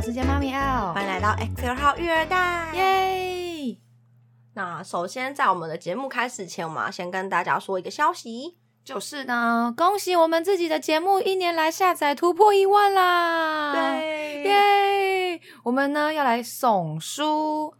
我是杰媽咪 L，歡迎來到 X L 號育兒袋，耶！那首先在我們的節目開始前，我們要先跟大家說一個消息，就是呢，恭喜我們自己的節目一年來下載突破一萬啦，對，耶！我們呢要來送書，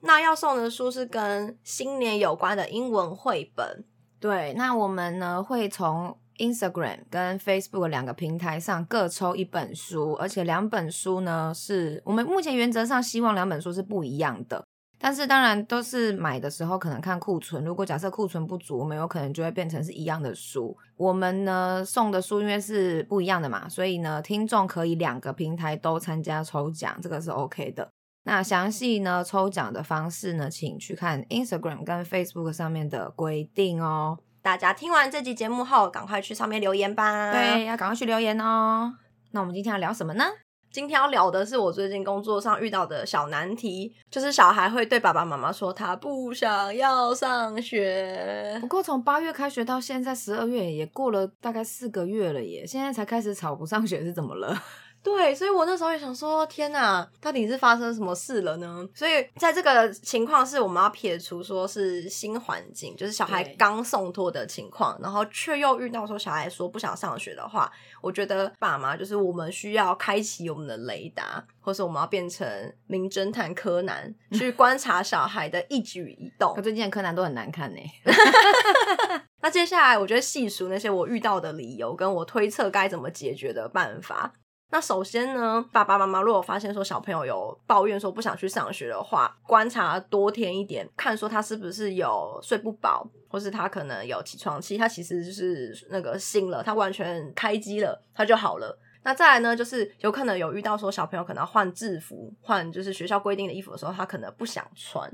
那要送的書是跟新年有關的英文繪本，對，那我們呢會從 Instagram 跟 Facebook 兩個平台上各抽一本書，而且兩本書呢是我們目前原則上希望兩本書是不一樣的，但是當然都是買的時候可能看庫存，如果假設庫存不足，我們有可能就會變成是一樣的書。我們呢送的書因為是不一樣的嘛，所以呢聽眾可以兩個平台都參加抽獎，這個是 OK 的。那詳細呢抽獎的方式呢，請去看 Instagram 跟 Facebook 上面的規定哦。大家聽完這集節目後，趕快去上面留言吧！對，要趕快去留言哦。那我們今天要聊什麼呢？今天要聊的是我最近工作上遇到的小難題，就是小孩會對爸爸媽媽說他不想要上學。不過從八月開學到現在十二月也過了大概四個月了耶，也現在才開始吵不上學是怎麼了？對，所以我那時候也想說，天哪，到底是發生什麼事了呢？所以在這個情況是，我們要撇除說是新環境，就是小孩剛送托的情況，然後卻又遇到說小孩說不想上學的話，我覺得爸媽就是我們需要開啟我們的雷達，或是我們要變成名偵探柯南、嗯、去觀察小孩的一舉一動。可最近的柯南都很難看呢。 那接下來，我覺得細數那些我遇到的理由，跟我推測該怎麼解決的辦法。那首先呢，爸爸媽媽如果發現說小朋友有抱怨說不想去上學的話，觀察多天一點，看說他是不是有睡不飽，或是他可能有起床氣，他其實就是那個醒了，他完全開機了，他就好了。那再來呢，就是有可能有遇到說小朋友可能要換制服，換就是學校規定的衣服的時候，他可能不想穿，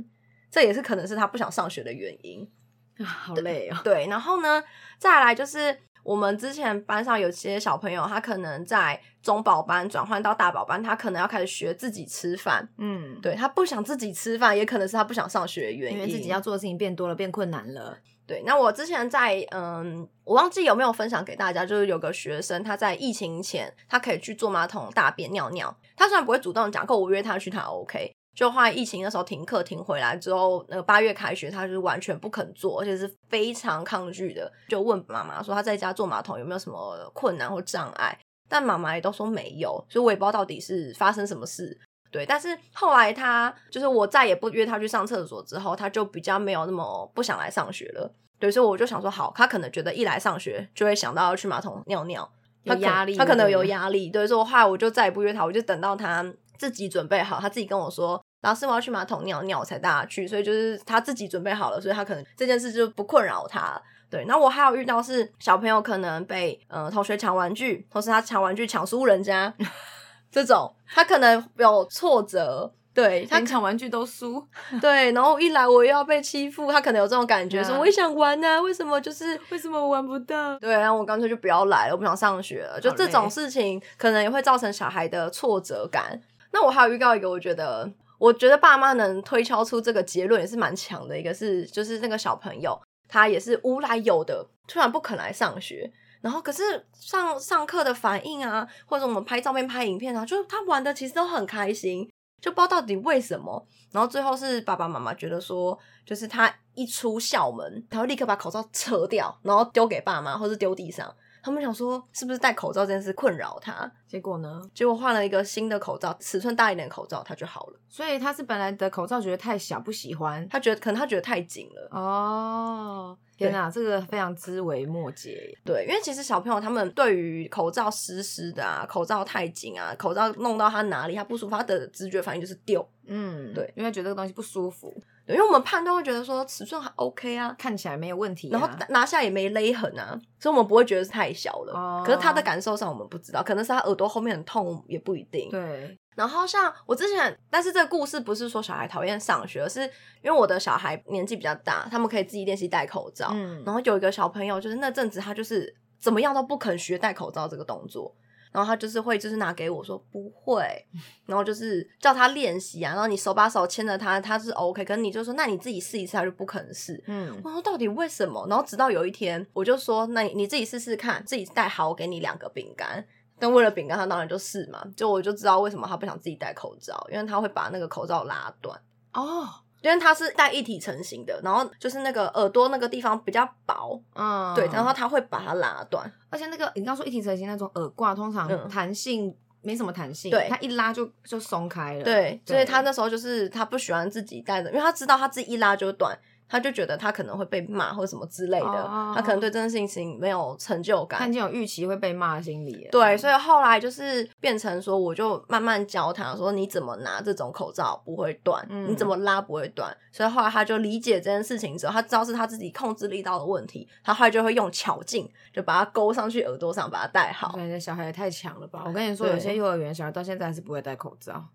這也是可能是他不想上學的原因。嗯，好累哦啊。對，然後呢，再來就是。我們之前班上有些小朋友，他可能在中保班轉換到大保班，他可能要開始學自己吃飯。嗯，對，他不想自己吃飯，也可能是他不想上學的原因，因為自己要做的事情變多了，變困難了。對，那我之前在，嗯，我忘記有沒有分享給大家，就是有個學生，他在疫情前，他可以去坐馬桶大便、尿尿，他雖然不會主動講，可我約他去，他 OK。就後來疫情的時候停課，停回來之後，那個八月開學，他就是完全不肯坐，而且是非常抗拒的。就問媽媽說他在家坐馬桶有沒有什麼困難或障礙？但媽媽也都說沒有，所以我也不知道到底是發生什麼事。對，但是後來他就是我再也不約他去上廁所之後，他就比較沒有那麼不想來上學了。對，所以我就想說，好，他可能覺得一來上學就會想到要去馬桶尿尿，有壓力，他可能有壓力。對，所以我後來我就再也不約他，我就等到他自己準備好，他自己跟我說。然後是我要去馬桶尿尿才帶他去，所以就是他自己準備好了，所以他可能這件事就不困擾他。對，那我還有遇到是小朋友可能被呃同學搶玩具，同時他搶玩具搶輸人家，呵呵這種他可能有挫折，對，他搶玩具都輸，對，然後一來我又要被欺負，他可能有這種感覺，說我也想玩啊，為什麼就是為什麼我玩不到？對，然後我乾脆就不要來了，我不想上學了。就這種事情可能也會造成小孩的挫折感。那我還有遇到一個，我覺得。我覺得爸媽能推敲出這個結論也是蠻強的。一個是，就是那個小朋友，他也是無來由的突然不肯來上學，然後可是上上課的反應啊，或者我們拍照片、拍影片啊，就是他玩的其實都很開心，就不知道到底為什麼。然後最後是爸爸媽媽覺得說，就是他一出校門，他會立刻把口罩扯掉，然後丟給爸媽，或是丟地上。他們想說，是不是戴口罩這件事困擾他？結果呢？結果換了一個新的口罩，尺寸大一點的口罩，他就好了。所以他是本來的口罩覺得太小，不喜歡。他覺得可能他覺得太緊了。哦，天哪，這個非常枝微末節。對，因為其實小朋友他們對於口罩濕濕的啊，口罩太緊啊，口罩弄到他哪裡他不舒服，他的直覺反應就是丟。嗯，對，因為他覺得這個東西不舒服。因為我們判斷會覺得說尺寸還 OK 啊，看起來沒有問題，啊，然後拿下也沒勒痕啊，所以我們不會覺得是太小了，哦。可是他的感受上我們不知道，可能是他耳朵後面很痛也不一定。對。然後像我之前，但是這個故事不是說小孩討厭上學，而是因為我的小孩年紀比較大，他們可以自己練習戴口罩。嗯。然後有一個小朋友，就是那陣子他就是怎麼樣都不肯學戴口罩這個動作。然後他就是會，就是拿給我說不會，然後就是叫他練習啊，然後你手把手牽着他，他是 OK，可是你就說那你自己試一次，他就不肯試。嗯，我說到底為什麼？然後直到有一天，我就說那你，你自己試試看，自己戴好，我給你兩個餅乾。但為了餅乾，他當然就試嘛。就我就知道為什麼他不想自己戴口罩，因為他會把那個口罩拉斷。哦。因為它是帶一體成型的，然後就是那個耳朵那個地方比較薄，啊、嗯，對，然後它會把它拉斷，而且那個你知道說一體成型那種耳掛，通常彈性沒什麼彈性，對、嗯，它一拉就就鬆開了，對，對，所以他那時候就是他不喜歡自己戴的，因為他知道他自己一拉就斷。他就覺得他可能會被罵或者什麼之類的、哦，他可能對這件事情沒有成就感，他就有預期會被罵心理。對，所以後來就是變成說，我就慢慢教他說，你怎麼拿這種口罩不會斷、嗯，你怎麼拉不會斷。所以後來他就理解這件事情之後，他知道是他自己控制力道的問題，他後來就會用巧勁就把它勾上去耳朵上，把它戴好。所以那小孩也太強了吧！我跟你說，有些幼兒園小孩到現在還是不會戴口罩。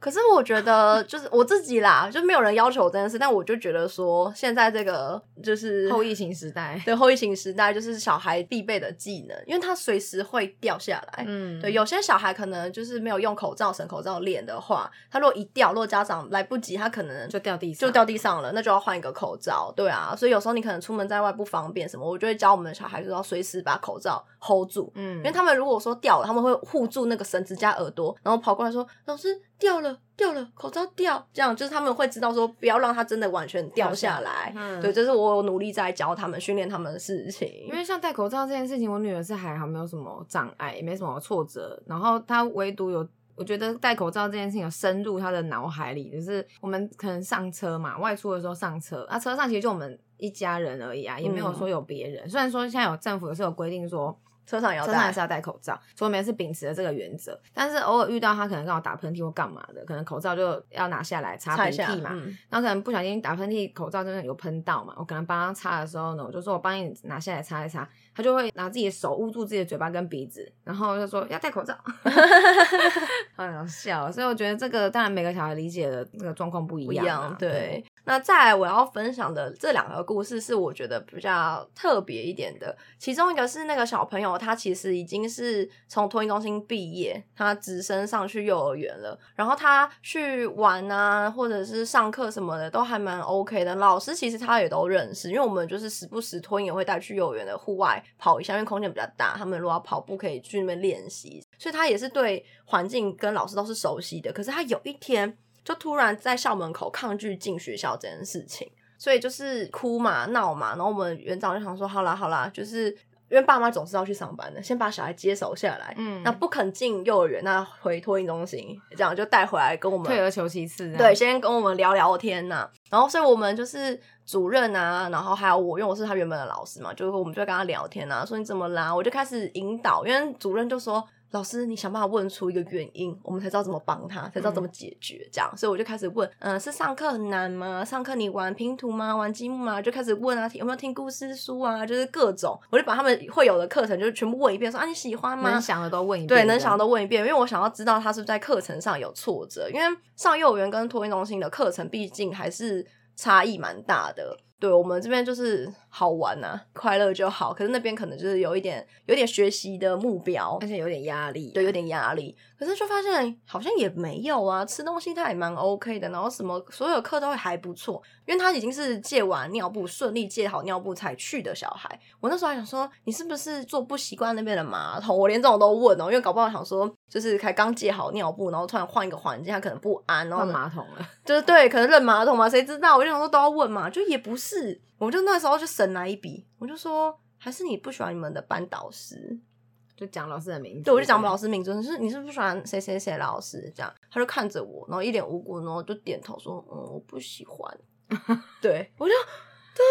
可是我覺得就是我自己啦， 就沒有人要求這件事，但我就覺得說，現在這個就是後疫情時代，對，後疫情時代就是小孩必備的技能，因為他隨時會掉下來。嗯，對，有些小孩可能就是沒有用口罩繩口罩鍊的，的話，他如果一掉，如果家長來不及，他可能就掉地就掉地上了，那就要換一個口罩。對啊，所以有時候你可能出門在外不方便什麼，我就會教我們的小孩是要隨時把口罩 hold 住，嗯，因為他們如果說掉了，他們會護住那個繩子加耳朵，然後跑過來說老師。掉了掉了，口罩掉，這樣就是他們會知道說不要讓他真的完全掉下來。嗯、對，這、就是我努力在教他們、訓練他們的事情。因為像戴口罩這件事情，我女兒是還好沒有什麼障礙，也沒什麼挫折。然後她唯獨有，我覺得戴口罩這件事情有深入她的腦海裡，就是我們可能上車嘛，外出的時候上車，那、啊、車上其實就我們一家人而已啊，也沒有說有別人、嗯。雖然說現在有政府也是有規定說，車上也要，車上還是要戴口罩，所以我們也是秉持了這個原則。但是偶爾遇到他可能剛好打噴嚏或幹嘛的，可能口罩就要拿下來擦鼻涕嘛。嗯、然後可能不小心打噴嚏，口罩真的有噴到嘛，我可能幫他擦的時候呢，我就說，我幫你拿下來擦一擦，他就會拿自己的手捂住自己的嘴巴跟鼻子，然後就說要戴口罩， 好笑。所以我覺得這個當然每個小孩理解的那個狀況不一樣、啊不，對。那再來我要分享的這兩個故事是我覺得比較特別一點的，其中一個是那個小朋友，他其實已經是從托育中心畢業，他直升上去幼兒園了。然後他去玩啊，或者是上課什麼的，都還蠻 OK 的。老師其實他也都認識，因為我們就是時不時托育也會帶去幼兒園的戶外跑一下，因為空間比較大，他們如果要跑步可以去那邊練習，所以他也是對環境跟老師都是熟悉的。可是他有一天，就突然在校門口抗拒進學校這件事情，所以就是哭嘛鬧嘛，然後我們園長就想說：好啦，好啦，就是因為爸媽總是要去上班的，先把小孩接手下來。嗯，那不肯進幼兒園，那回托嬰中心，這樣就帶回來跟我們退而求其次啊。對，先跟我們聊聊天吶啊。然後所以我們就是主任啊，然後還有我因為我是他原本的老師嘛，就是我們就跟他聊天啊，說你怎麼啦？我就開始引導，因為主任就說。老師，你想辦法問出一個原因，我們才知道怎麼幫他，才知道怎麼解決。嗯。這樣，所以我就開始問，嗯、呃，是上課很難嗎？上課你玩拼圖嗎？玩積木嗎？就開始問啊聽，有沒有聽故事書啊？就是各種，我就把他們會有的課程，就是全部問一遍，說啊你喜歡嗎？能想的都問一遍，對，能想的都問一遍，因為我想要知道他是不是在課程上有挫折，因為上幼兒園跟托育中心的課程，畢竟還是差異蠻大的。對，我們這邊就是好玩吶、啊，快樂就好。可是那邊可能就是有一點，有點學習的目標，而且有點壓力、啊，對，有點壓力。可是就發現好像也沒有啊，吃東西他也蠻 OK 的，然後什麼所有課都還不錯，因為他已經是戒完尿布順利戒好尿布才去的小孩。我那時候還想說，你是不是坐不習慣那邊的馬桶？我連這種都問哦、喔，因為搞不好想說就是才剛戒好尿布，然後突然換一個環境，他可能不安哦。然後換馬桶了、啊，就是對，可能認馬桶嘛，誰知道？我就想說都要問嘛，就也不是，我就那時候就神來一筆，我就說還是你不喜歡你們的班導師。就講老師的名字，對，對我就講老師名字，是你是不是不喜歡誰誰誰老師這樣？他就看着我，然後一臉無辜，然後就點頭說，嗯，我不喜歡。 對，我就，對。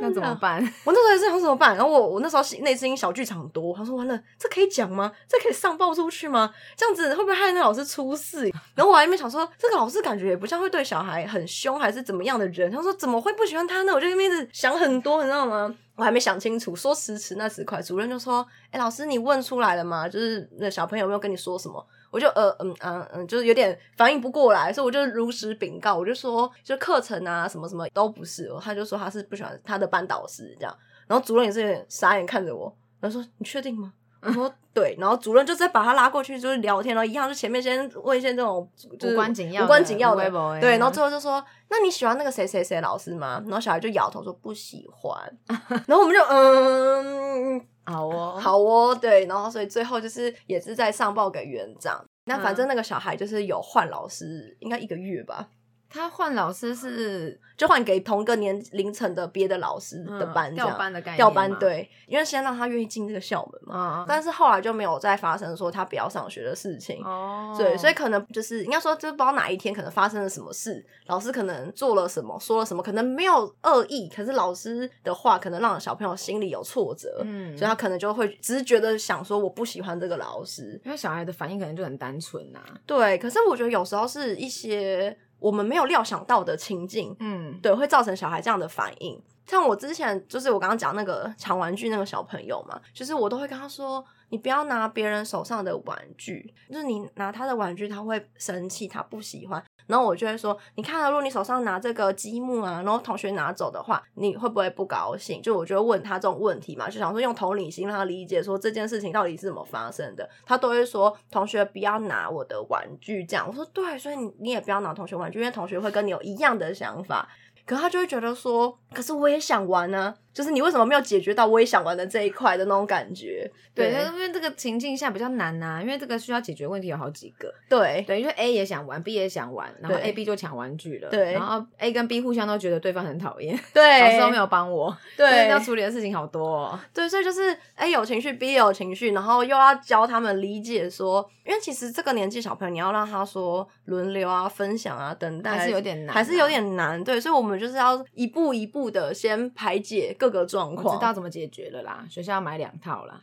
那怎麼辦？嗯啊、我那時候也是想怎麼辦。然後我我那時候內心小劇場多。他說完了，這可以講嗎？這可以上報出去嗎？這樣子會不會害那老師出事？然後我還沒想說，這個老師感覺也不像會對小孩很凶還是怎麼樣的人。他說怎麼會不喜歡他呢？我就一直想很多，你知道嗎？我還沒想清楚。說時遲那時快，主任就說：“哎、欸，老師，你問出來了嗎？就是那小朋友有沒有跟你說什麼？”我就呃嗯啊嗯，嗯，就是有點反應不過來，所以我就如實稟告，我就說，就課程啊什麼什麼都不是。他就說他是不喜歡他的班導師這樣，然後主任也是有點傻眼看着我，他說你確定嗎？啊、我說對，然後主任就直接把他拉過去，就是聊天了一樣，就前面先問一些這種、就是、無關緊要的無關緊要，要，要的，對，然後最後就說、啊、那你喜歡那個誰誰誰老師嗎？然後小孩就搖頭說不喜歡， 然後我們就嗯。好哦，好哦，對，然後所以最後就是也是在上報給園長。那反正那個小孩就是有換老師，嗯、應該一個月吧。他換老師是就換給同一個年齡層的別的老師的班，調、嗯、班的概念，調班對，因為先讓他願意進這個校門嘛、嗯。但是後來就沒有再發生說他不要上學的事情。哦，對，所以可能就是應該說，就是不知道哪一天可能發生了什麼事，老師可能做了什麼，說了什麼，可能沒有惡意，可是老師的話可能讓小朋友心裡有挫折，嗯，所以他可能就會只是覺得想說我不喜歡這個老師。因為小孩的反應可能就很單純吶、啊。對，可是我覺得有時候是一些。我們沒有料想到的情境，嗯，對，會造成小孩這樣的反應。像我之前就是我剛剛講那個搶玩具那個小朋友嘛，就是我都會跟他說。你不要拿別人手上的玩具，就是你拿他的玩具，他會生氣，他不喜歡。然後我就會說，你看啊，如果你手上拿這個積木啊，然後同學拿走的話，你會不會不高興？就我就會問他這種問題嘛，就想說用同理心讓他理解說這件事情到底是怎麼發生的。他都會說，同學不要拿我的玩具這樣。我說對，所以你也不要拿同學玩具，因為同學會跟你有一樣的想法。可他就會覺得說，可是我也想玩啊。就是你為什麼沒有解決到我也想玩的這一塊的那種感覺對？對，因為這個情境下比較難吶、啊，因為這個需要解決問題有好幾個。對，對，因為 A 也想玩，B 也想玩，然後 A、B 就搶玩具了。對，然後 A 跟 B 互相都覺得對方很討厭，對，老師都沒有幫我對對，對，要處理的事情好多，喔。對，所以就是 A 有情緒，B 有情緒，然後又要教他們理解說，因為其實這個年紀小朋友，你要讓他說輪流啊、分享啊，等待，還是有點難，啊，還是有點難。對，所以我們就是要一步一步的先排解各這個狀況，知道怎麼解決了啦。學校要買兩套啦。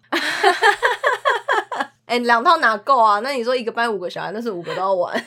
哎、 欸，兩套哪夠啊？那你說一個班五個小孩，那是五個都要玩。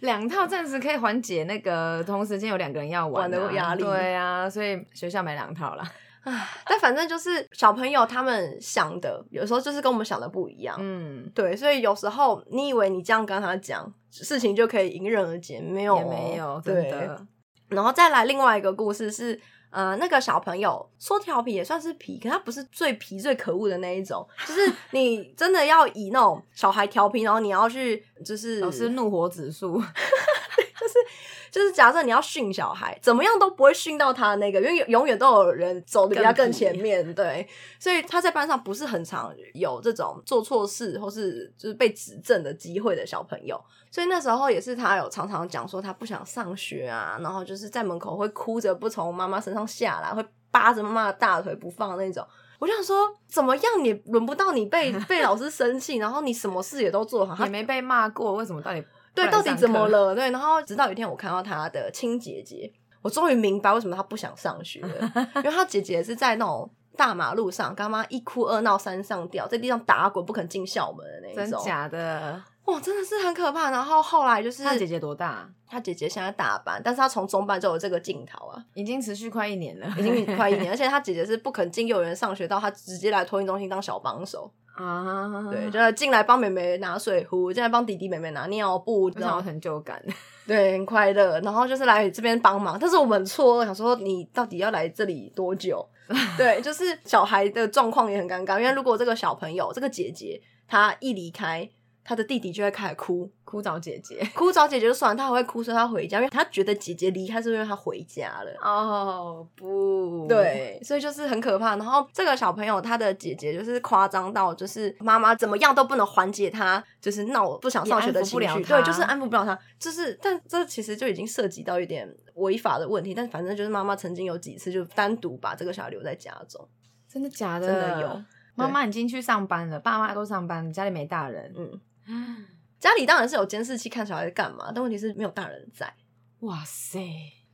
兩 套暫時可以緩解那個，同時間有兩個人要玩的、啊、壓力。對啊，所以學校買兩套啦。 但反正就是小朋友他們想的，有時候就是跟我們想的不一樣。嗯，對，所以有時候你以為你這樣跟他講事情就可以迎刃而解，沒有、哦，也沒有，真的、對的。然後再來另外一個故事是。呃，那個小朋友說調皮也算是皮，可他不是最皮，最可惡的那一種， 就是你真的要以那種小孩調皮，然後你要去就是老師怒火指數， 就是。就是假設你要訓小孩，怎麼樣都不會訓到他的那個，因為永遠都有人走的比他更前面更皮，對，所以他在班上不是很常有這種做錯事或是就是被指正的機會的小朋友。所以那時候也是他有常常講說他不想上學啊，然後就是在門口會哭着不從媽媽身上下來，會扒着媽媽的大腿不放那種。我想說，怎麼樣也輪不到你被 被老師生氣，然後你什麼事也都做好，也沒被罵過，為什麼到你？對，到底怎麼了？對，然後直到有一天我看到他的親姐姐，我終於明白為什麼他不想上學了， 因為他姐姐是在那種大馬路上，跟他媽一哭二鬧三上吊，在地上打滾不肯進校門的那種。假的，哇，真的是很可怕。然後後來就是他姐姐多大啊？他姐姐現在大班，但是他從中班就有這個鏡頭啊，已經持續快一年了，已經快一年，而且他姐姐是不肯進幼兒園上學，到他直接來托育中心當小幫手。啊、uh -huh.，對，就是進來幫妹妹拿水壺，進來幫弟弟妹妹拿尿布，然後嗎？成就感， 對，很快樂。然後就是來這邊幫忙，但是我們錯，想說你到底要來這裡多久？ 對，就是小孩的狀況也很尷尬，因為如果這個小朋友，這個姐姐她一離開。他的弟弟就會開始哭，哭找姐姐，哭找姐姐。就算了，他還會哭說他回家，因為他覺得姐姐離開是，是因為他回家了。哦、oh，不，對，所以就是很可怕。然後這個小朋友他的姐姐就是誇張到，就是媽媽怎麼樣都不能緩解他，就是鬧不想上學的情緒。對，就是安撫不了他，就是，但這其實就已經涉及到一點違法的問題。但反正就是媽媽曾經有幾次就單獨把這個小孩留在家中，真的假的？真的有。媽媽已經去上班了，爸媽都上班了，家裡沒大人。嗯。嗯，家裡當然是有監視器看小孩在幹嘛，但問題是沒有大人在。哇塞，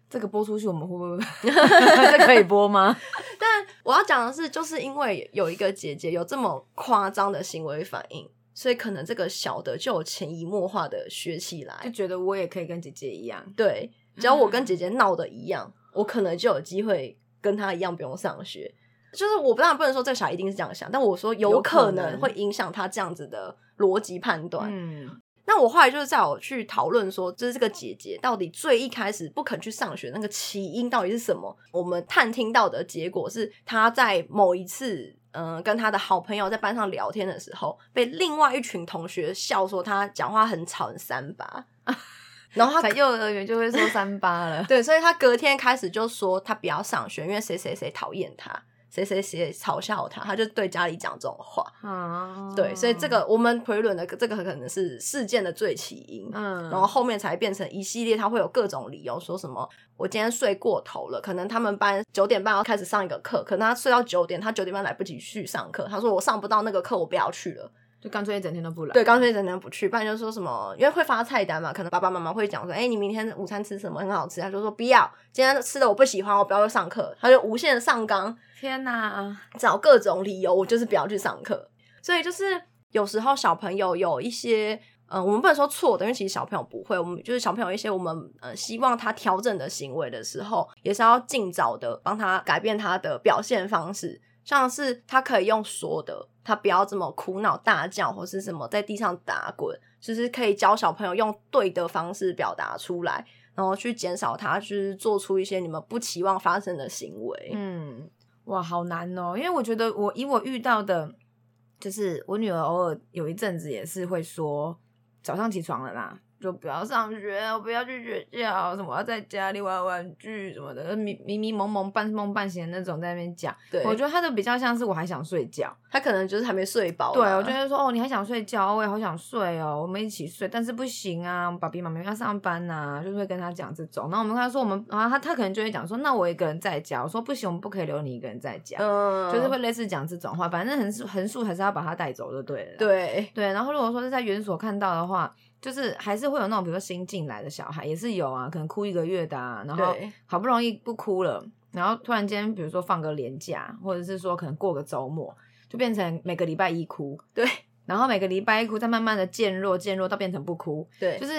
這個播出去我們會不會？這 可以播嗎？但我要講的是，就是因為有一個姐姐有這麼誇張的行為反應，所以可能這個小的就有潛移默化的學起來，就覺得我也可以跟姐姐一樣。對，只要我跟姐姐鬧得一樣、嗯，我可能就有機會跟她一樣不用上學。就是我當然不能說這小孩一定是這樣想，但我說有可能會影響他這樣子的邏輯判斷。那我後來就是在我去討論說，就是這個姐姐到底最一開始不肯去上學那個起因到底是什麼？我們探聽到的結果是，她在某一次嗯跟他的好朋友在班上聊天的時候，被另外一群同學笑說他講話很吵很三八， 然後在幼兒園就會說三八了。 對，所以他隔天開始就說他不要上學，因為誰誰誰討厭他。誰誰誰嘲笑他，他就對家裡講這種話、嗯。對，所以這個我們推論的這個可能是事件的最起因，嗯、然後後面才變成一系列。他會有各種理由說什麼，我今天睡過頭了，可能他們班九點半要開始上一個課，可能他睡到九點，他九點半來不及去上課。他說我上不到那個課，我不要去了。就乾脆一整天都不來，對，乾脆一整天不去。不然就說什麼，因為會發菜單嘛，可能爸爸媽媽會講說：“哎，你明天午餐吃什麼？很好吃。”他就說：“不要，今天吃的我不喜歡，我不要去上課。”他就無限的上綱，天哪，找各種理由，我就是不要去上課。所以就是有時候小朋友有一些，呃，我們不能說錯的，因為其實小朋友不會。我們就是小朋友一些，我們呃希望他調整的行為的時候，也是要盡早的幫他改變他的表現方式。像是他可以用說的，他不要這麼哭鬧大叫或是什麼在地上打滾，就是可以教小朋友用對的方式表達出來，然後去減少他就是做出一些你們不期望發生的行為。嗯，哇，好難哦，因為我覺得我以我遇到的，就是我女兒偶爾有一陣子也是會說早上起床了啦。就不要上學，我不要去學校，什麼要在家裡玩玩具什麼的，迷迷濛濛，半夢半醒的那種，在那邊講。對，我覺得他就比較像是我還想睡覺，他可能就是還沒睡飽。對，我覺得說哦，你還想睡覺，哦？我也好想睡哦，我們一起睡，但是不行啊，我爸比媽媽要上班吶，啊，就是會跟他講這種。那我們跟他說，我們啊，他他可能就會講說，那我一個人在家。我說不行，我們不可以留你一個人在家，嗯、就是會類似講這種話。反正橫豎橫豎還是要把他帶走就對了。對對，然後如果說是在園所看到的話。就是還是會有那種，比如說新進來的小孩也是有啊，可能哭一個月的啊，然後好不容易不哭了，然後突然間比如說放個連假，或者是說可能過個週末，就變成每個禮拜一哭，對，然後每個禮拜一哭，再慢慢的漸弱漸弱，弱到變成不哭，對，就是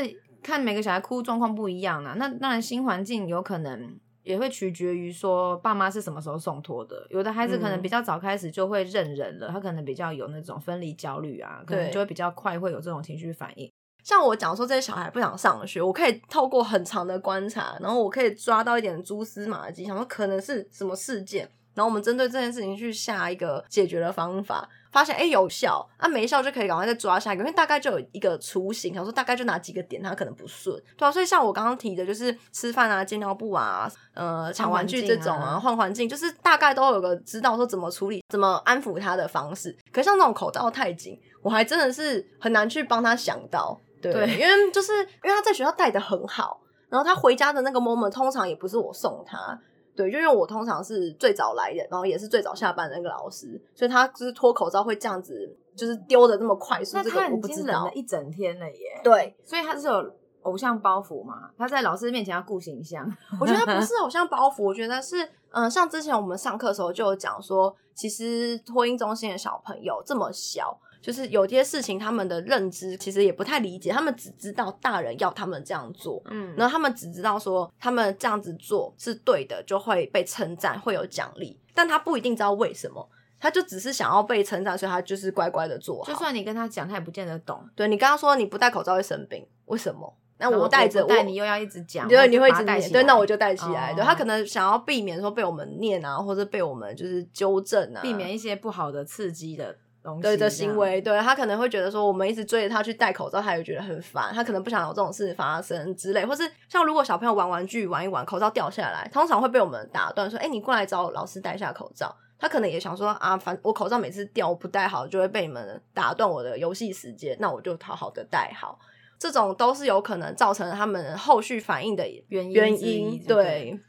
看每個小孩哭狀況不一樣啊。那當然新環境有可能也會取決於說爸媽是什麼時候送托的，有的孩子可能比較早開始就會認人了，嗯、他可能比較有那種分離焦慮啊，可能就會比較快會有這種情緒反應。像我講說這些小孩不想上學，我可以透過很長的觀察，然後我可以抓到一點蛛絲馬跡，想說可能是什麼事件，然後我們針對這件事情去下一個解決的方法，發現哎、欸、有效，啊沒效就可以趕快再抓下一個，因為大概就有一個雛形，想說大概就哪幾個點他可能不順，對啊，所以像我剛剛提的，就是吃飯啊、尿布啊、呃搶玩具這種啊、換環境啊、換環境，就是大概都有個知道說怎麼處理、怎麼安撫他的方式。可是像那種口罩太緊，我還真的是很難去幫他想到。對，因為就是因為他在學校帶得很好，然後他回家的那個 moment 通常也不是我送他，對，就因為我通常是最早來的，然後也是最早下班的那個老師，所以他就是脫口罩會這樣子，就是丟的那麼快速。那他已經冷了一整天了耶。對，所以他是有偶像包袱嘛？他在老師面前要顧形象， 我覺得他不是偶像包袱，我覺得是，嗯、呃，像之前我們上課的時候就有講說，其實托嬰中心的小朋友這麼小。就是有些事情，他們的認知其實也不太理解，他們只知道大人要他們這樣做，嗯，然後他們只知道說他們這樣子做是對的，就會被稱讚，會有獎勵，但他不一定知道為什麼，他就只是想要被稱讚，所以他就是乖乖的做。就算你跟他講，他也不見得懂。對，你剛剛說你不戴口罩會生病，為什麼？那我戴着我，戴、嗯、你又要一直講，對，你會一直戴，對，那我就戴起來。Oh, 對，okay. 他可能想要避免說被我們念啊，或者被我們就是糾正啊，避免一些不好的刺激的。的的行為，對，他可能會覺得說，我們一直追着他去戴口罩，他也覺得很煩，他可能不想有這種事發生之類，或是像如果小朋友玩玩具玩一玩，口罩掉下來，通常會被我們打斷說，哎、欸，你過來找老師戴下口罩，他可能也想說啊，反我口罩每次掉我不戴好，就會被你們打斷我的遊戲時間，那我就好好的戴好，這種都是有可能造成他們後續反應的原因，原因對。對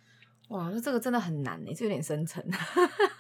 哇，那這個真的很難誒，這有點深沉啊。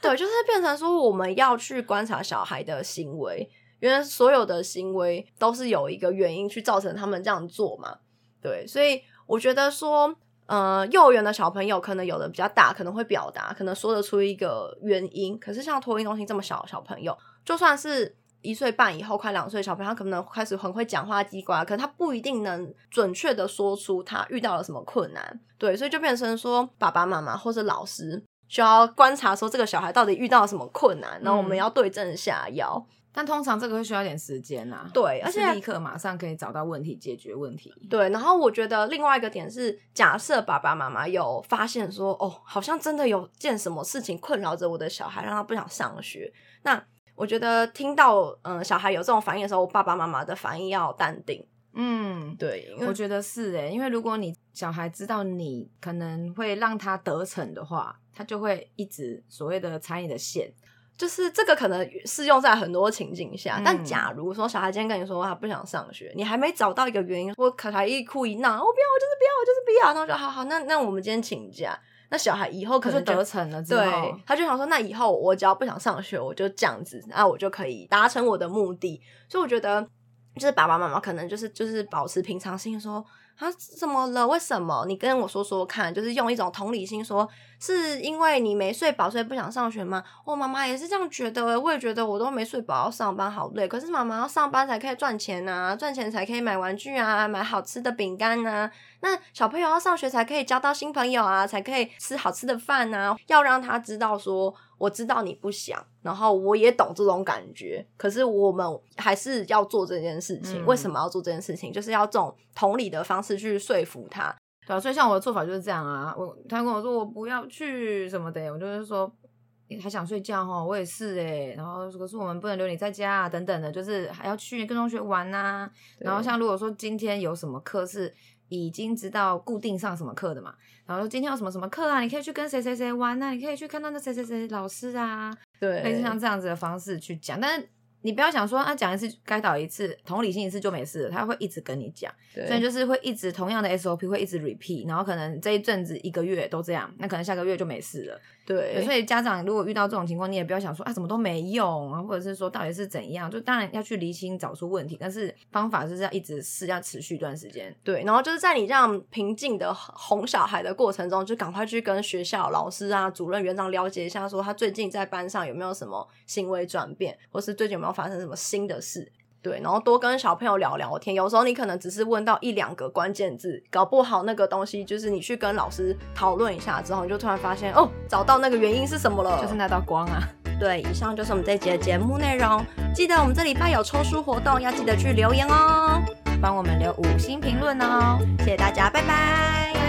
對，就是變成說，我們要去觀察小孩的行為，原來所有的行為都是有一個原因去造成他們這樣做嘛。對，所以我覺得說，呃，幼兒園的小朋友可能有的比較大，可能會表達，可能說得出一個原因。可是像托嬰中心這麼小的小朋友，就算是。一歲半以後，快兩歲小朋友，他可能開始很會講話、嘰呱，可他不一定能準確的說出他遇到了什麼困難。對，所以就變成說，爸爸媽媽或是老師需要觀察，說這個小孩到底遇到了什麼困難，然後我們要對症下藥、嗯。但通常這個會需要點時間啊。對，而且立刻馬上可以找到問題、解決問題。對，然後我覺得另外一個點是，假設爸爸媽媽有發現說，哦，好像真的有件什麼事情困擾着我的小孩，讓他不想上學，那。我覺得聽到嗯、呃、小孩有這種反應的時候，我爸爸媽媽的反應要淡定。嗯，對，我覺得是哎、欸，因為如果你小孩知道你可能會讓他得逞的話，他就會一直所謂的踩你的線。就是這個可能適用在很多情境下、嗯，但假如說小孩今天跟你說他不想上學，你還沒找到一個原因，我可他一哭一鬧，我、哦、不要，我就是不要，我、就是、就是不要，然後我就好好，那那我們今天請假。那小孩以後可能得逞了之後，對，他就想說，那以後我只要不想上學，我就這樣子，那我就可以達成我的目的，所以我覺得。就是爸爸媽媽可能就是就是保持平常心說，啊，怎麼了？為什麼？你跟我說說看？就是用一種同理心說，是因為你沒睡飽，所以不想上學嗎？我媽媽也是這樣覺得、欸，我也覺得我都沒睡飽，要上班好累。可是媽媽要上班才可以賺錢吶、啊，賺錢才可以買玩具啊，買好吃的餅乾吶。那小朋友要上學才可以交到新朋友啊，才可以吃好吃的飯吶、啊。要讓他知道說，我知道你不想。然後我也懂這種感覺，可是我們還是要做這件事情，嗯。為什麼要做這件事情？就是要這種同理的方式去說服他。對啊，所以像我的做法就是這樣啊。我，他跟我說我不要去什麼的，我就是說你、欸、還想睡覺哈哦，我也是誒，然後可是我們不能留你在家啊，等等的，就是還要去跟同學玩吶啊。然後像如果說今天有什麼課是已經知道固定上什麼課的嘛，然後說今天有什麼什麼課啊？你可以去跟誰誰誰玩啊？你可以去看到那誰誰誰老師啊？對，類似像這樣子的方式去講，但是你不要想說啊，講一次該倒一次同理心一次就沒事了，他會一直跟你講對，所以就是會一直同樣的 SOP 會一直 repeat，然後可能這一陣子一個月都這樣，那可能下個月就沒事了。對，所以家長如果遇到這種情況，你也不要想說啊，怎麼都沒用啊，或者是說到底是怎樣？就當然要去理清找出問題，但是方法就是要一直試，要持續一段時間。對，然後就是在你這樣平靜的哄小孩的過程中，就趕快去跟學校老師啊、主任、園長了解一下，說他最近在班上有沒有什麼行為轉變，或是最近有沒有發生什麼新的事。對，然後多跟小朋友聊聊天。有時候你可能只是問到一兩個關鍵字，搞不好那個東西就是你去跟老師討論一下之後，你就突然發現哦，找到那個原因是什麼了。就是那道光啊。對，以上就是我們這期的節目內容。記得我們這禮拜有抽書活動，要記得去留言哦，幫我們留五星評論哦。謝謝大家，拜拜。